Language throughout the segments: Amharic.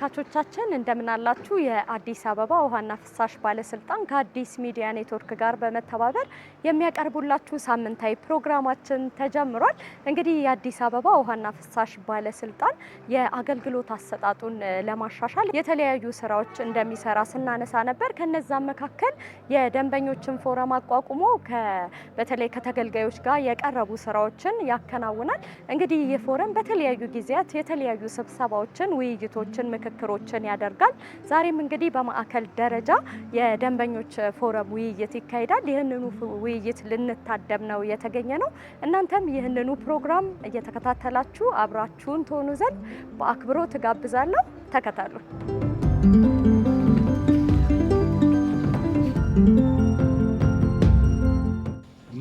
ተመልካቾቻችን እንደምን አላችሁ? የአዲስ አበባ ውሃና ፍሳሽ ባለስልጣን ከአዲስ ሚዲያ ኔትወርክ ጋር በመተባበር የሚያቀርቡላችሁ ሳምንታዊ ፕሮግራማችን ተጀምሯል። እንግዲህ የአዲስ አበባ ውሃና ፍሳሽ ባለስልጣን የአገልግሎት አሰጣጡን ለማሻሻል የተለያዩ ስራዎች እንደሚሰራ ስናነሳ ነበር። ከነዛም መካከል የደንበኞችን ፎረም አቋቁሞ በተለይ ከተገልጋዮች ጋር የቀረቡ ስራዎችን ያከናውናል። እንግዲህ ይህ ፎረም በተለያዩ ጊዜያት የተለያዩ ስብሰባዎችን፣ ውይይቶችን ምክ ምክክሮችን ያደርጋል። ዛሬም እንግዲህ በማዕከል ደረጃ የደንበኞች ፎረም ውይይት ይካሄዳል። ይህንኑ ውይይት ልንታደም ነው የተገኘ ነው። እናንተም ይህንኑ ፕሮግራም እየተከታተላችሁ አብራችሁን ትሆኑ ዘንድ በአክብሮ ትጋብዛለሁ። ተከታሉ።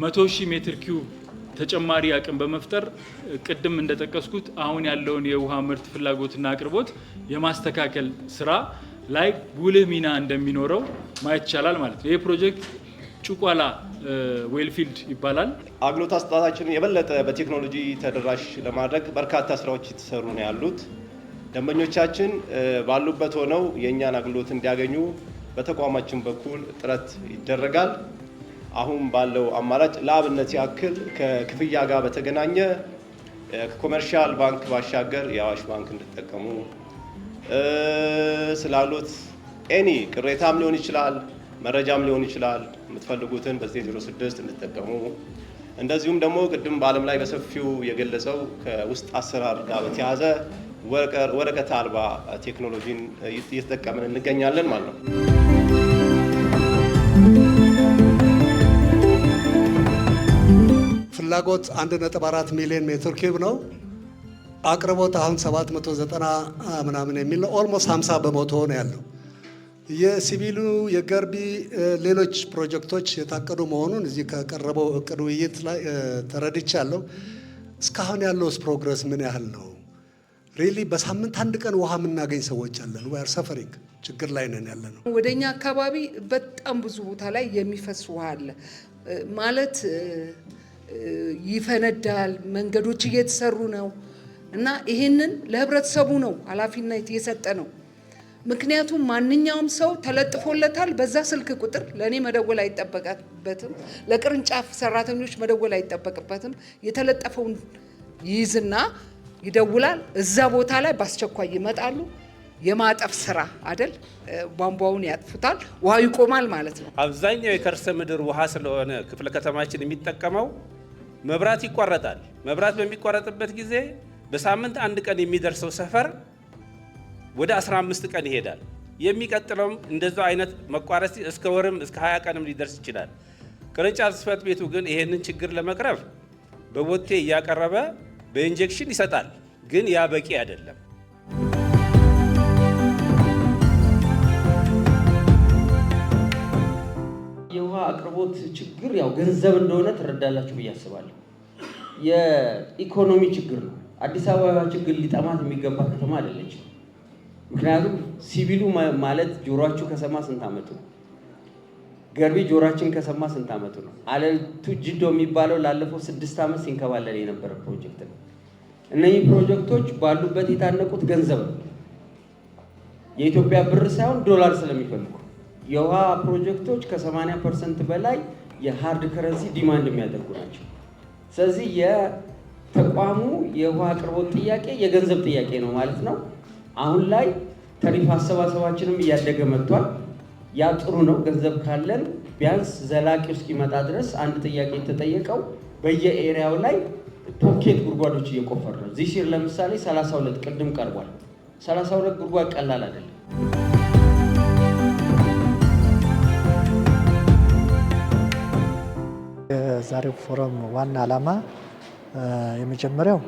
መቶ ሺህ ሜትር ኪዩብ ተጨማሪ አቅም በመፍጠር ቅድም እንደጠቀስኩት አሁን ያለውን የውሃ ምርት ፍላጎትና አቅርቦት የማስተካከል ስራ ላይ ጉልህ ሚና እንደሚኖረው ማየት ይቻላል ማለት ነው። ይህ ፕሮጀክት ጭቋላ ዌልፊልድ ይባላል። አገልግሎት አሰጣጣችንን የበለጠ በቴክኖሎጂ ተደራሽ ለማድረግ በርካታ ስራዎች የተሰሩ ነው ያሉት። ደንበኞቻችን ባሉበት ሆነው የእኛን አገልግሎት እንዲያገኙ በተቋማችን በኩል ጥረት ይደረጋል። አሁን ባለው አማራጭ ለአብነት ያክል ከክፍያ ጋር በተገናኘ ከኮመርሻል ባንክ ባሻገር የአዋሽ ባንክ እንድጠቀሙ ስላሉት ኤኒ ቅሬታም ሊሆን ይችላል፣ መረጃም ሊሆን ይችላል። የምትፈልጉትን በ906 እንድጠቀሙ እንደዚሁም ደግሞ ቅድም በዓለም ላይ በሰፊው የገለጸው ከውስጥ አሰራር ጋር በተያያዘ ወረቀት አልባ ቴክኖሎጂን እየተጠቀምን እንገኛለን ማለት ነው። ፍላጎት 1.4 ሚሊዮን ሜትር ኪዩብ ነው። አቅርቦት አሁን 790 ምናምን የሚል ነው። ኦልሞስት 50 በመቶ ነው ያለው። የሲቪሉ የገርቢ ሌሎች ፕሮጀክቶች የታቀዱ መሆኑን እዚህ ከቀረበው እቅድ ውይይት ላይ ተረድቻለሁ። እስካሁን ያለውስ ፕሮግረስ ምን ያህል ነው? ሪሊ በሳምንት አንድ ቀን ውሃ የምናገኝ ሰዎች አለን። ወር ሰፈሪንግ ችግር ላይ ነን ያለ ነው። ወደ እኛ አካባቢ በጣም ብዙ ቦታ ላይ የሚፈስ ውሃ አለ ማለት ይፈነዳል፣ መንገዶች እየተሰሩ ነው እና ይህንን ለህብረተሰቡ ነው ኃላፊነት የሰጠ ነው። ምክንያቱም ማንኛውም ሰው ተለጥፎለታል። በዛ ስልክ ቁጥር ለእኔ መደወል አይጠበቅበትም፣ ለቅርንጫፍ ሰራተኞች መደወል አይጠበቅበትም። የተለጠፈውን ይይዝና ይደውላል። እዛ ቦታ ላይ በአስቸኳይ ይመጣሉ። የማጠፍ ስራ አደል፣ ቧንቧውን ያጥፉታል፣ ውሃ ይቆማል ማለት ነው። አብዛኛው የከርሰ ምድር ውሃ ስለሆነ ክፍለ ከተማችን የሚጠቀመው መብራት ይቋረጣል። መብራት በሚቋረጥበት ጊዜ በሳምንት አንድ ቀን የሚደርሰው ሰፈር ወደ 15 ቀን ይሄዳል። የሚቀጥለውም እንደዛ አይነት መቋረጥ እስከ ወርም እስከ 20 ቀንም ሊደርስ ይችላል። ቅርንጫፍ ጽሕፈት ቤቱ ግን ይሄንን ችግር ለመቅረፍ በቦቴ እያቀረበ በኢንጀክሽን ይሰጣል። ግን ያ በቂ አይደለም። አቅርቦት ችግር ያው ገንዘብ እንደሆነ ትረዳላችሁ ብዬ አስባለሁ። የኢኮኖሚ ችግር ነው። አዲስ አበባ ችግር ሊጠማት የሚገባ ከተማ አይደለችም። ምክንያቱም ሲቪሉ ማለት ጆሮችሁ ከሰማ ስንት አመቱ ነው? ገርቢ ጆሮአችን ከሰማ ስንት አመቱ ነው? አለቱ ጅዶ የሚባለው ላለፈው ስድስት ዓመት ሲንከባለል የነበረ ፕሮጀክት ነው። እነኚህ ፕሮጀክቶች ባሉበት የታነቁት ገንዘብ ነው። የኢትዮጵያ ብር ሳይሆን ዶላር ስለሚፈልጉ የውሃ ፕሮጀክቶች ከ80 ፐርሰንት በላይ የሃርድ ከረንሲ ዲማንድ የሚያደርጉ ናቸው። ስለዚህ የተቋሙ የውሃ አቅርቦት ጥያቄ የገንዘብ ጥያቄ ነው ማለት ነው። አሁን ላይ ተሪፍ አሰባሰባችንም እያደገ መጥቷል። ያ ጥሩ ነው። ገንዘብ ካለን ቢያንስ ዘላቂው እስኪመጣ ድረስ አንድ ጥያቄ የተጠየቀው በየኤሪያው ላይ ፖኬት ጉድጓዶች እየቆፈር ነው። ዚህ ሲር ለምሳሌ 32 ቅድም ቀርቧል። 32 ጉድጓድ ቀላል አይደለም። የዛሬው ፎረም ዋና ዓላማ የመጀመሪያው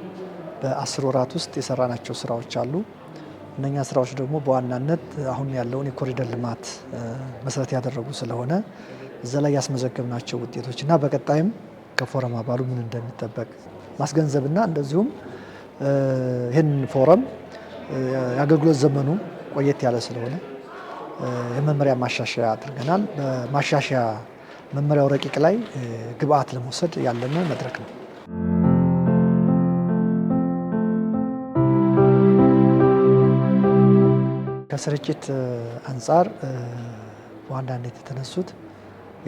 በአስር ወራት ውስጥ የሰራናቸው ስራዎች አሉ። እነኛ ስራዎች ደግሞ በዋናነት አሁን ያለውን የኮሪደር ልማት መሰረት ያደረጉ ስለሆነ እዛ ላይ ያስመዘገብናቸው ውጤቶች እና በቀጣይም ከፎረም አባሉ ምን እንደሚጠበቅ ማስገንዘብና እንደዚሁም ይህን ፎረም የአገልግሎት ዘመኑ ቆየት ያለ ስለሆነ የመመሪያ ማሻሻያ አድርገናል። በማሻሻያ መመሪያው ረቂቅ ላይ ግብአት ለመውሰድ ያለመ መድረክ ነው። ከስርጭት አንጻር በዋናነት የተነሱት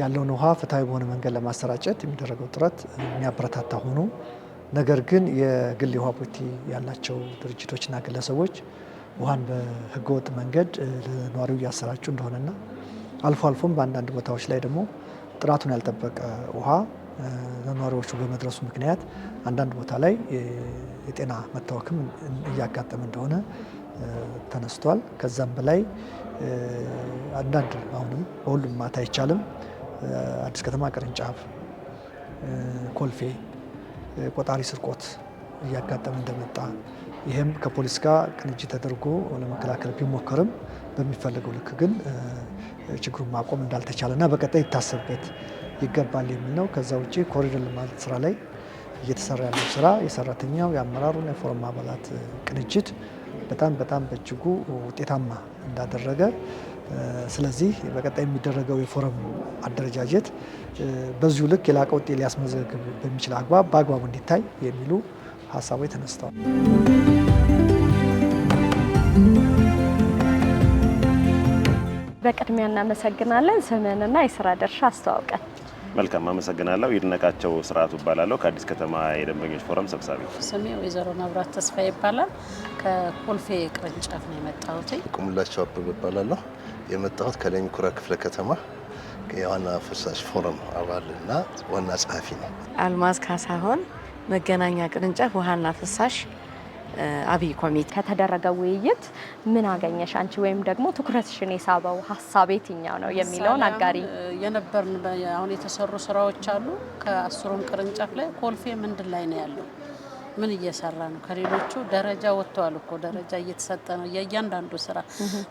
ያለውን ውሃ ፍትሐዊ በሆነ መንገድ ለማሰራጨት የሚደረገው ጥረት የሚያበረታታ ሆኖ ነገር ግን የግል የውሃ ቦቲ ያላቸው ድርጅቶችና ግለሰቦች ውሃን በህገወጥ መንገድ ለነዋሪው እያሰራጩ እንደሆነና አልፎ አልፎም በአንዳንድ ቦታዎች ላይ ደግሞ ጥራቱን ያልጠበቀ ውሃ ለነዋሪዎቹ በመድረሱ ምክንያት አንዳንድ ቦታ ላይ የጤና መታወክም እያጋጠመ እንደሆነ ተነስቷል። ከዛም በላይ አንዳንድ አሁንም በሁሉም ማታ አይቻልም። አዲስ ከተማ ቅርንጫፍ፣ ኮልፌ፣ ቆጣሪ ስርቆት እያጋጠመ እንደመጣ ይህም ከፖሊስ ጋር ቅንጅት ተደርጎ ለመከላከል ቢሞከርም በሚፈለገው ልክ ግን ችግሩን ማቆም እንዳልተቻለ እና በቀጣይ ይታሰብበት ይገባል የሚል ነው። ከዛ ውጭ ኮሪደር ልማት ስራ ላይ እየተሰራ ያለው ስራ የሰራተኛው የአመራሩና የፎረም አባላት ቅንጅት በጣም በጣም በእጅጉ ውጤታማ እንዳደረገ ስለዚህ በቀጣይ የሚደረገው የፎረም አደረጃጀት በዚሁ ልክ የላቀ ውጤት ሊያስመዘግብ በሚችል አግባብ በአግባቡ እንዲታይ የሚሉ ሀሳቦች ተነስተዋል። በቅድሚያ እናመሰግናለን። ስምህንና የስራ ድርሻ አስተዋውቀን። መልካም አመሰግናለሁ። ይድነቃቸው ስርዓቱ ይባላለሁ። ከአዲስ ከተማ የደንበኞች ፎረም ሰብሳቢ። ስሜ ወይዘሮ መብራት ተስፋ ይባላል። ከኮልፌ ቅርንጫፍ ነው የመጣሁት። ቁምላቸው አበብ ይባላለሁ። የመጣሁት ከለሚኩራ ክፍለ ከተማ የዋና ፈሳሽ ፎረም አባልና ዋና ጸሐፊ ነው። አልማዝ ካሳሆን መገናኛ ቅርንጫፍ ውሃና ፍሳሽ አብይ ኮሚቴ ከተደረገው ውይይት ምን አገኘሽ አንቺ ወይም ደግሞ ትኩረትሽን የሳበው ሀሳብ የትኛው ነው የሚለውን አጋሪ የነበርን አሁን የተሰሩ ስራዎች አሉ። ከአስሩም ቅርንጫፍ ላይ ኮልፌ ምንድን ላይ ነው ያለው? ምን እየሰራ ነው? ከሌሎቹ ደረጃ ወጥተዋል እኮ ደረጃ እየተሰጠ ነው። የእያንዳንዱ ስራ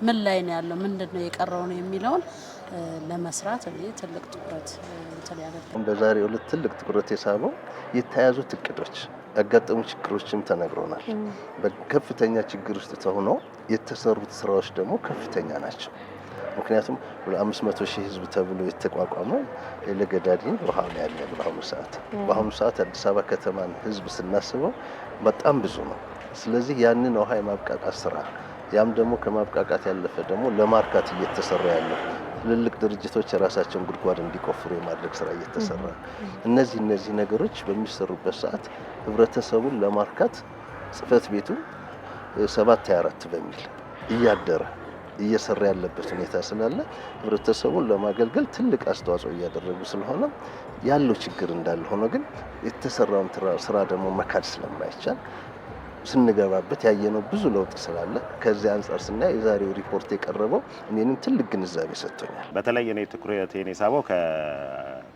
ምን ላይ ነው ያለው? ምንድን ነው የቀረው ነው የሚለውን ለመስራት እኔ ትልቅ ትኩረት እንትን ያለ በዛሬው ዕለት ትልቅ ትኩረት የሳበው የተያዙት እቅዶች ያጋጠሙ ችግሮችም ተነግሮናል። በከፍተኛ ችግር ውስጥ ተሆኖ የተሰሩት ስራዎች ደግሞ ከፍተኛ ናቸው። ምክንያቱም ለአምስት መቶ ሺህ ህዝብ ተብሎ የተቋቋመ ለገዳዲን ውሃ ነው ያለ በአሁኑ ሰዓት በአሁኑ ሰዓት አዲስ አበባ ከተማን ህዝብ ስናስበው በጣም ብዙ ነው። ስለዚህ ያንን ውሃ የማብቃቃት ስራ ያም ደግሞ ከማብቃቃት ያለፈ ደግሞ ለማርካት እየተሰራ ያለው ትልልቅ ድርጅቶች የራሳቸውን ጉድጓድ እንዲቆፍሩ የማድረግ ስራ እየተሰራ እነዚህ እነዚህ ነገሮች በሚሰሩበት ሰዓት ህብረተሰቡን ለማርካት ጽህፈት ቤቱ ሰባት አራት በሚል እያደረ እየሰራ ያለበት ሁኔታ ስላለ ህብረተሰቡን ለማገልገል ትልቅ አስተዋጽኦ እያደረጉ ስለሆነ ያለው ችግር እንዳለ ሆኖ ግን የተሰራውን ስራ ደግሞ መካድ ስለማይቻል ስንገባበት ያየነው ብዙ ለውጥ ስላለ ከዚህ አንጻር ስናይ የዛሬው ሪፖርት የቀረበው እኔንም ትልቅ ግንዛቤ ሰጥቶኛል። በተለይ እኔ ትኩረት የኔ ሳበው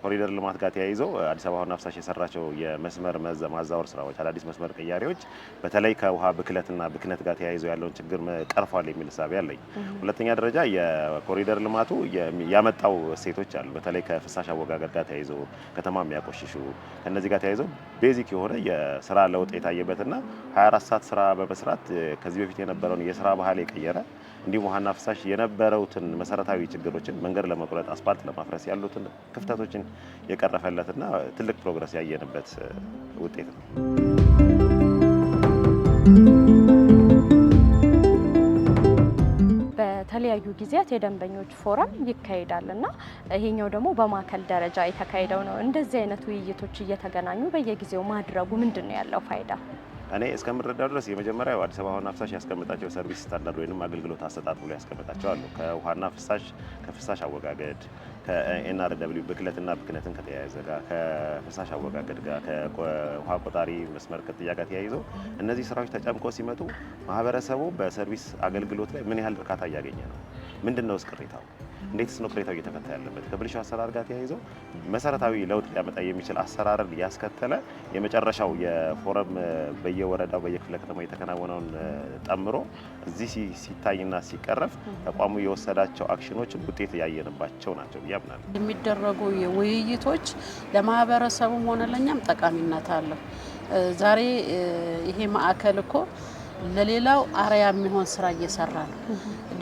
ኮሪደር ልማት ጋር ተያይዞ አዲስ አበባ ውሃና ፍሳሽ የሰራቸው የመስመር ማዛወር ስራዎች፣ አዳዲስ መስመር ቅያሬዎች በተለይ ከውሃ ብክለትና ብክነት ጋር ተያይዞ ያለውን ችግር ቀርፏል የሚል እሳቤ አለኝ። ሁለተኛ ደረጃ የኮሪደር ልማቱ ያመጣው እሴቶች አሉ። በተለይ ከፍሳሽ አወጋገር ጋር ተያይዞ ከተማ የሚያቆሽሹ ከነዚህ ጋር ተያይዞ ቤዚክ የሆነ የስራ ለውጥ የታየበትና 24 ሰዓት ስራ በመስራት ከዚህ በፊት የነበረውን የስራ ባህል የቀየረ እንዲሁም ውሃና ፍሳሽ የነበረውትን መሰረታዊ ችግሮችን መንገድ ለመቁረጥ አስፓልት ለማፍረስ ያሉትን ክፍተቶችን የቀረፈለትና ትልቅ ፕሮግረስ ያየንበት ውጤት ነው። በተለያዩ ጊዜያት የደንበኞች ፎረም ይካሄዳል እና ይሄኛው ደግሞ በማዕከል ደረጃ የተካሄደው ነው። እንደዚህ አይነት ውይይቶች እየተገናኙ በየጊዜው ማድረጉ ምንድን ነው ያለው ፋይዳ? እኔ እስከምረዳው ድረስ የመጀመሪያው አዲስ አበባ ውሃና ፍሳሽ ያስቀምጣቸው ሰርቪስ ስታንዳርድ ወይም አገልግሎት አሰጣጥ ብሎ ያስቀምጣቸው አሉ። ከውሃና ፍሳሽ ከፍሳሽ አወጋገድ ከኤንአር ደብሊው ብክለትና ብክለትን ከተያያዘ ጋር ከፍሳሽ አወጋገድ ጋር ከውሃ ቆጣሪ መስመር ቅጥያ ጋር ተያይዞ እነዚህ ስራዎች ተጨምቆ ሲመጡ ማህበረሰቡ በሰርቪስ አገልግሎት ላይ ምን ያህል እርካታ እያገኘ ነው? ምንድን ነው ቅሬታው? እንዴትስ ነው ቅሬታው እየተፈታ ያለበት ከብልሹ አሰራር ጋር ተያይዞ መሰረታዊ ለውጥ ሊያመጣ የሚችል አሰራርን ያስከተለ የመጨረሻው የፎረም በየወረዳው በየክፍለ ከተማው የተከናወነውን ጠምሮ እዚህ ሲታይና ሲቀረፍ ተቋሙ የወሰዳቸው አክሽኖች ውጤት ያየንባቸው ናቸው ብዬ አምናለሁ። የሚደረጉ ውይይቶች ለማህበረሰቡም ሆነ ለእኛም ጠቃሚነት አለው። ዛሬ ይሄ ማዕከል እኮ ለሌላው አርያ የሚሆን ስራ እየሰራ ነው።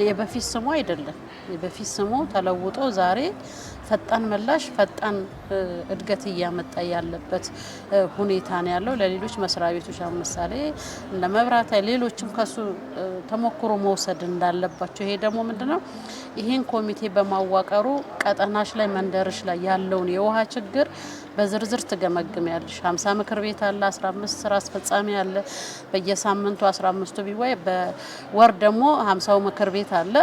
የበፊት ስሙ አይደለም። በፊት ስሙ ተለውጦ ዛሬ ፈጣን ምላሽ ፈጣን እድገት እያመጣ ያለበት ሁኔታ ነው ያለው። ለሌሎች መስሪያ ቤቶች አሁን ምሳሌ ለመብራት ሌሎችም ከሱ ተሞክሮ መውሰድ እንዳለባቸው። ይሄ ደግሞ ነው? ይህን ኮሚቴ በማዋቀሩ ቀጠናሽ ላይ መንደርሽ ላይ ያለውን የውሃ ችግር በዝርዝር ትገመግሚያለሽ። ሀምሳ ምክር ቤት አለ፣ 15 ስራ አስፈጻሚ አለ። በየሳምንቱ 15ቱ ቢወይ በወር ደግሞ ሀምሳው ምክር ቤት አለ።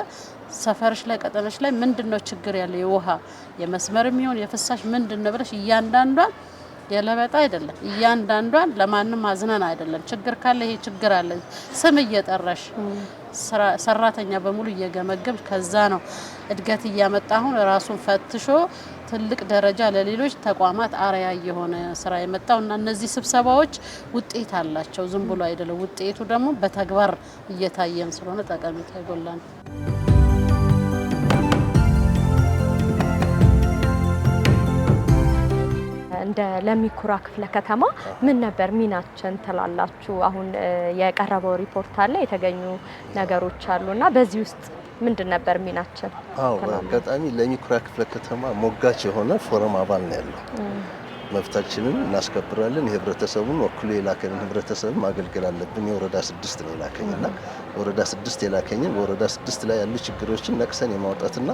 ሰፈርሽ ላይ ቀጠለሽ ላይ ምንድን ነው ችግር ያለው የውሃ የመስመር የሚሆን የፍሳሽ ምንድን ነው ብለሽ እያንዳንዷን የለበጣ አይደለም እያንዳንዷን ለማንም አዝነን አይደለም። ችግር ካለ ይሄ ችግር አለ ስም እየጠራሽ ሰራተኛ በሙሉ እየገመገብሽ ከዛ ነው እድገት እያመጣ አሁን ራሱን ፈትሾ ትልቅ ደረጃ ለሌሎች ተቋማት አርያ የሆነ ስራ የመጣው እና እነዚህ ስብሰባዎች ውጤት አላቸው። ዝም ብሎ አይደለም። ውጤቱ ደግሞ በተግባር እየታየን ስለሆነ ጠቀሜታ ይጎላል። እንደ ለሚኩራ ክፍለ ከተማ ምን ነበር ሚናችን ትላላችሁ? አሁን የቀረበው ሪፖርት አለ፣ የተገኙ ነገሮች አሉ እና በዚህ ውስጥ ምንድን ነበር ሚናችን? አዎ አጋጣሚ ለሚኩራ ክፍለ ከተማ ሞጋች የሆነ ፎረም አባል ነው ያለው። መብታችንን እናስከብራለን። የህብረተሰቡን ወክሎ የላከንን ህብረተሰብ ማገልገል አለብን። የወረዳ ስድስት ነው የላከኝና ወረዳ ስድስት የላከኝን ወረዳ ስድስት ላይ ያሉ ችግሮችን ነቅሰን የማውጣትና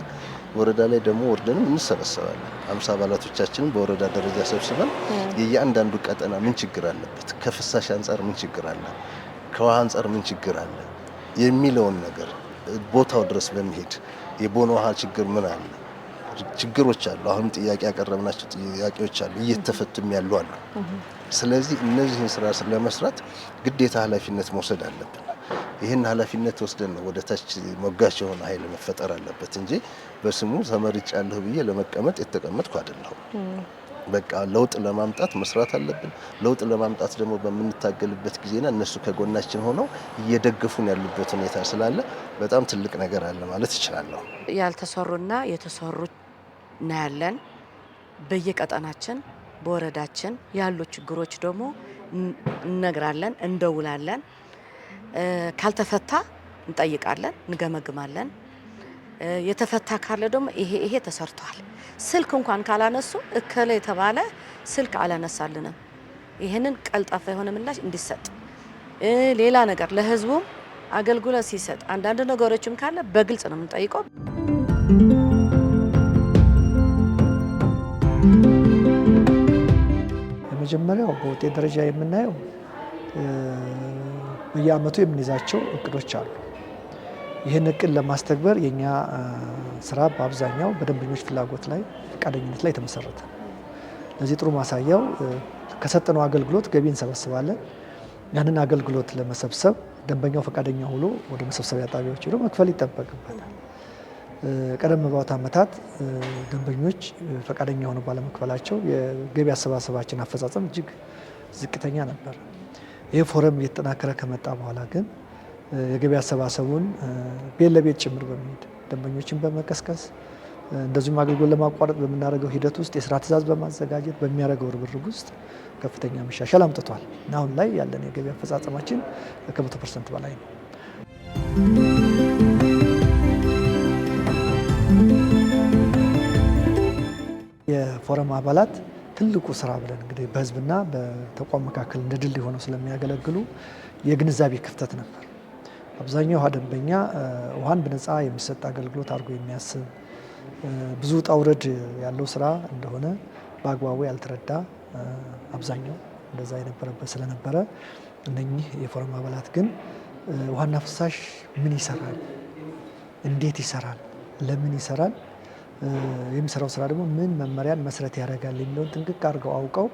ወረዳ ላይ ደግሞ ወርደንም እንሰበሰባለን። አምሳ አባላቶቻችንን በወረዳ ደረጃ ሰብስበን የእያንዳንዱ ቀጠና ምን ችግር አለበት፣ ከፍሳሽ አንጻር ምን ችግር አለ፣ ከውሃ አንጻር ምን ችግር አለ የሚለውን ነገር ቦታው ድረስ በመሄድ የቦነ ውሃ ችግር ምን አለ፣ ችግሮች አሉ። አሁንም ጥያቄ ያቀረብናቸው ጥያቄዎች አሉ፣ እየተፈቱም ያሉ አሉ። ስለዚህ እነዚህን ስራ ለመስራት ግዴታ ኃላፊነት መውሰድ አለብን። ይህን ኃላፊነት ወስደን ነው ወደ ታች ሞጋች የሆነ ኃይል መፈጠር አለበት እንጂ በስሙ ተመርጫለሁ ብዬ ለመቀመጥ የተቀመጥኩ አይደለሁም። በቃ ለውጥ ለማምጣት መስራት አለብን። ለውጥ ለማምጣት ደግሞ በምንታገልበት ጊዜና እነሱ ከጎናችን ሆነው እየደገፉን ያሉበት ሁኔታ ስላለ በጣም ትልቅ ነገር አለ ማለት ይችላለሁ። ያልተሰሩና የተሰሩ እናያለን። በየቀጠናችን በወረዳችን ያሉ ችግሮች ደግሞ እነግራለን፣ እንደውላለን። ካልተፈታ እንጠይቃለን፣ እንገመግማለን። የተፈታ ካለ ደግሞ ይሄ ይሄ ተሰርቷል። ስልክ እንኳን ካላነሱ እከለ የተባለ ስልክ አላነሳልንም። ይህንን ቀልጣፋ የሆነ ምላሽ እንዲሰጥ ሌላ ነገር ለህዝቡም አገልግሎት ሲሰጥ አንዳንድ ነገሮችም ካለ በግልጽ ነው የምንጠይቀው። የመጀመሪያው በውጤት ደረጃ የምናየው በየአመቱ የምንይዛቸው እቅዶች አሉ። ይህን እቅድ ለማስተግበር የእኛ ስራ በአብዛኛው በደንበኞች ፍላጎት ላይ ፈቃደኝነት ላይ የተመሰረተ ለዚህ ጥሩ ማሳያው ከሰጠነው አገልግሎት ገቢ እንሰበስባለን። ያንን አገልግሎት ለመሰብሰብ ደንበኛው ፈቃደኛ ሆኖ ወደ መሰብሰቢያ ጣቢያዎች ሄዶ መክፈል ይጠበቅበታል። ቀደም ባሉት ዓመታት ደንበኞች ፈቃደኛ ሆነው ባለመክፈላቸው የገቢ አሰባሰባችን አፈጻጸም እጅግ ዝቅተኛ ነበር። ይህ ፎረም እየተጠናከረ ከመጣ በኋላ ግን የገቢ አሰባሰቡን ቤት ለቤት ጭምር በመሄድ ደንበኞችን በመቀስቀስ እንደዚሁም አገልግሎት ለማቋረጥ በምናደርገው ሂደት ውስጥ የስራ ትእዛዝ በማዘጋጀት በሚያደርገው ርብርብ ውስጥ ከፍተኛ መሻሻል አምጥቷል እና አሁን ላይ ያለን የገቢ አፈጻጸማችን ከመቶ ፐርሰንት በላይ ነው። የፎረም አባላት ትልቁ ስራ ብለን እንግዲህ በህዝብና በተቋም መካከል እንደ ድልድይ ሆነው ስለሚያገለግሉ የግንዛቤ ክፍተት ነበር። አብዛኛው ውሃ ደንበኛ ውሃን በነፃ የሚሰጥ አገልግሎት አድርጎ የሚያስብ ብዙ ውጣ ውረድ ያለው ስራ እንደሆነ በአግባቡ ያልተረዳ አብዛኛው እንደዛ የነበረበት ስለነበረ እነኚህ የፎረም አባላት ግን ውሃና ፍሳሽ ምን ይሰራል፣ እንዴት ይሰራል፣ ለምን ይሰራል የሚሰራው ስራ ደግሞ ምን መመሪያን መሰረት ያደርጋል የሚለውን ጥንቅቅ አድርገው አውቀው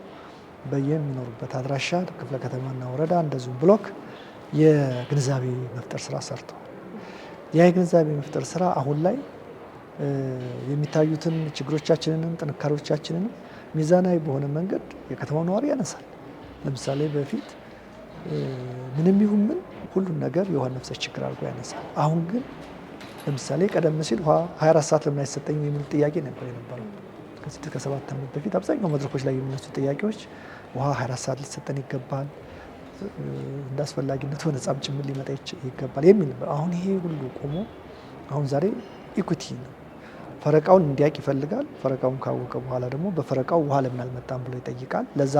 በየሚኖሩበት አድራሻ ክፍለ ከተማና ወረዳ እንደዚሁም ብሎክ የግንዛቤ መፍጠር ስራ ሰርተዋል። ያ የግንዛቤ መፍጠር ስራ አሁን ላይ የሚታዩትን ችግሮቻችንንም ጥንካሬዎቻችንንም ሚዛናዊ በሆነ መንገድ የከተማው ነዋሪ ያነሳል። ለምሳሌ በፊት ምንም ይሁን ምን ሁሉን ነገር የውሃ መፍሰስ ችግር አድርጎ ያነሳል። አሁን ግን ለምሳሌ ቀደም ሲል 24 ሰዓት ለምን አይሰጠኝ የሚል ጥያቄ ነበር የነበረው። ከስድስት ከሰባት ዓመት በፊት አብዛኛው መድረኮች ላይ የሚነሱ ጥያቄዎች ውሃ 24 ሰዓት ሊሰጠን ይገባል፣ እንደ አስፈላጊነቱ ነጻም ጭምር ሊመጣ ይገባል የሚል ነበር። አሁን ይሄ ሁሉ ቆሞ አሁን ዛሬ ኢኩቲ ነው። ፈረቃውን እንዲያውቅ ይፈልጋል። ፈረቃውን ካወቀ በኋላ ደግሞ በፈረቃው ውሃ ለምን አልመጣም ብሎ ይጠይቃል። ለዛ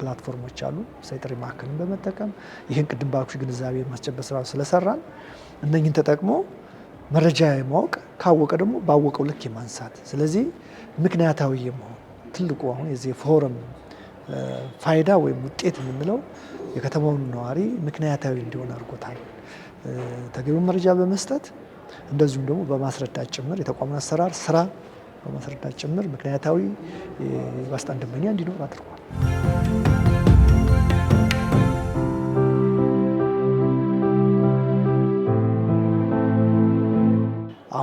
ፕላትፎርሞች አሉ። ሳይጥሪ ማዕከልን በመጠቀም ይህን ቅድም ባልኩሽ ግንዛቤ የማስጨበጥ ስራ ስለሰራን እነኝን ተጠቅሞ መረጃ የማወቅ ካወቀ ደግሞ ባወቀው ልክ የማንሳት ስለዚህ ምክንያታዊ የመሆን ትልቁ አሁን የዚህ ፎረም ፋይዳ ወይም ውጤት የምንለው የከተማውን ነዋሪ ምክንያታዊ እንዲሆን አድርጎታል። ተገቢውን መረጃ በመስጠት እንደዚሁም ደግሞ በማስረዳት ጭምር የተቋሙን አሰራር ስራ በማስረዳት ጭምር ምክንያታዊ ዋስጣ ደንበኛ እንዲኖር አድርጓል።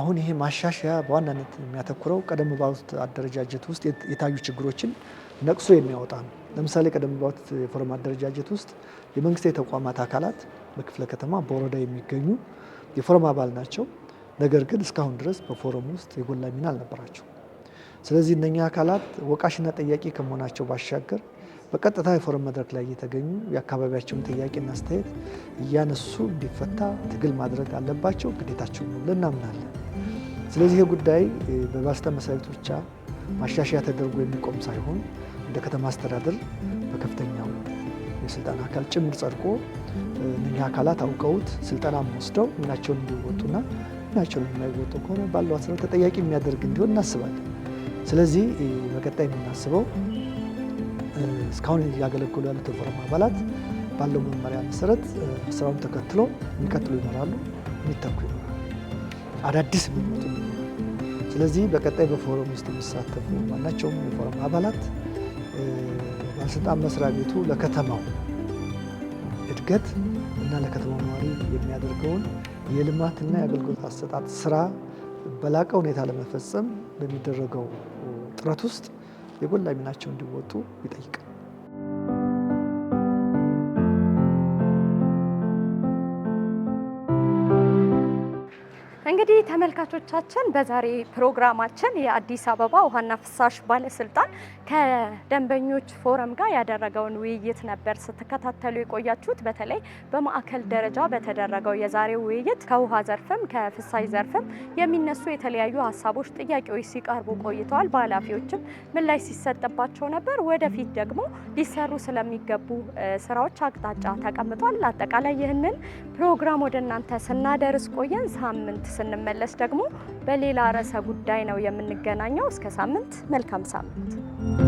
አሁን ይሄ ማሻሻያ በዋናነት የሚያተኩረው ቀደም ባሉት አደረጃጀት ውስጥ የታዩ ችግሮችን ነቅሶ የሚያወጣ ነው። ለምሳሌ ቀደም ባሉት የፎረም አደረጃጀት ውስጥ የመንግስታዊ ተቋማት አካላት በክፍለ ከተማ፣ በወረዳ የሚገኙ የፎረም አባል ናቸው። ነገር ግን እስካሁን ድረስ በፎረም ውስጥ የጎላ ሚና አልነበራቸው። ስለዚህ እነኛ አካላት ወቃሽና ጠያቂ ከመሆናቸው ባሻገር በቀጥታ የፎረም መድረክ ላይ እየተገኙ የአካባቢያቸውን ጥያቄና አስተያየት እያነሱ እንዲፈታ ትግል ማድረግ አለባቸው፣ ግዴታቸው ነው ብለን እናምናለን። ስለዚህ ይህ ጉዳይ በባስተ መሳሪት ብቻ ማሻሻያ ተደርጎ የሚቆም ሳይሆን እንደ ከተማ አስተዳደር በከፍተኛው የስልጣን አካል ጭምር ጸድቆ እነኛ አካላት አውቀውት ስልጠና ወስደው ሚናቸውን እንዲወጡና ሚናቸውን የማይወጡ ከሆነ ባለው አሰራር ተጠያቂ የሚያደርግ እንዲሆን እናስባለን። ስለዚህ በቀጣይ የምናስበው እስካሁን እያገለገሉ ያሉት የፎረም አባላት ባለው መመሪያ መሰረት ስራውን ተከትሎ የሚቀጥሉ ይኖራሉ፣ የሚተኩ ይኖራሉ። አዳዲስ የሚመጡ ስለዚህ በቀጣይ በፎረም ውስጥ የሚሳተፉ ማናቸውም የፎረም አባላት ባለስልጣን መስሪያ ቤቱ ለከተማው እድገት እና ለከተማው ነዋሪ የሚያደርገውን የልማትና የአገልግሎት አሰጣጥ ስራ በላቀ ሁኔታ ለመፈጸም በሚደረገው ጥረት ውስጥ የጎላ ሚናቸው እንዲወጡ ይጠይቃል። ተመልካቾቻችን በዛሬ ፕሮግራማችን የአዲስ አበባ ውሃና ፍሳሽ ባለስልጣን ከደንበኞች ፎረም ጋር ያደረገውን ውይይት ነበር ስትከታተሉ የቆያችሁት። በተለይ በማዕከል ደረጃ በተደረገው የዛሬው ውይይት ከውሃ ዘርፍም ከፍሳሽ ዘርፍም የሚነሱ የተለያዩ ሀሳቦች፣ ጥያቄዎች ሲቀርቡ ቆይተዋል። በኃላፊዎችም ምላሽ ሲሰጥባቸው ነበር። ወደፊት ደግሞ ሊሰሩ ስለሚገቡ ስራዎች አቅጣጫ ተቀምጧል። አጠቃላይ ይህንን ፕሮግራም ወደ እናንተ ስናደርስ ቆየን። ሳምንት ስንመለስ ደግሞ በሌላ ርዕሰ ጉዳይ ነው የምንገናኘው። እስከ ሳምንት፣ መልካም ሳምንት። you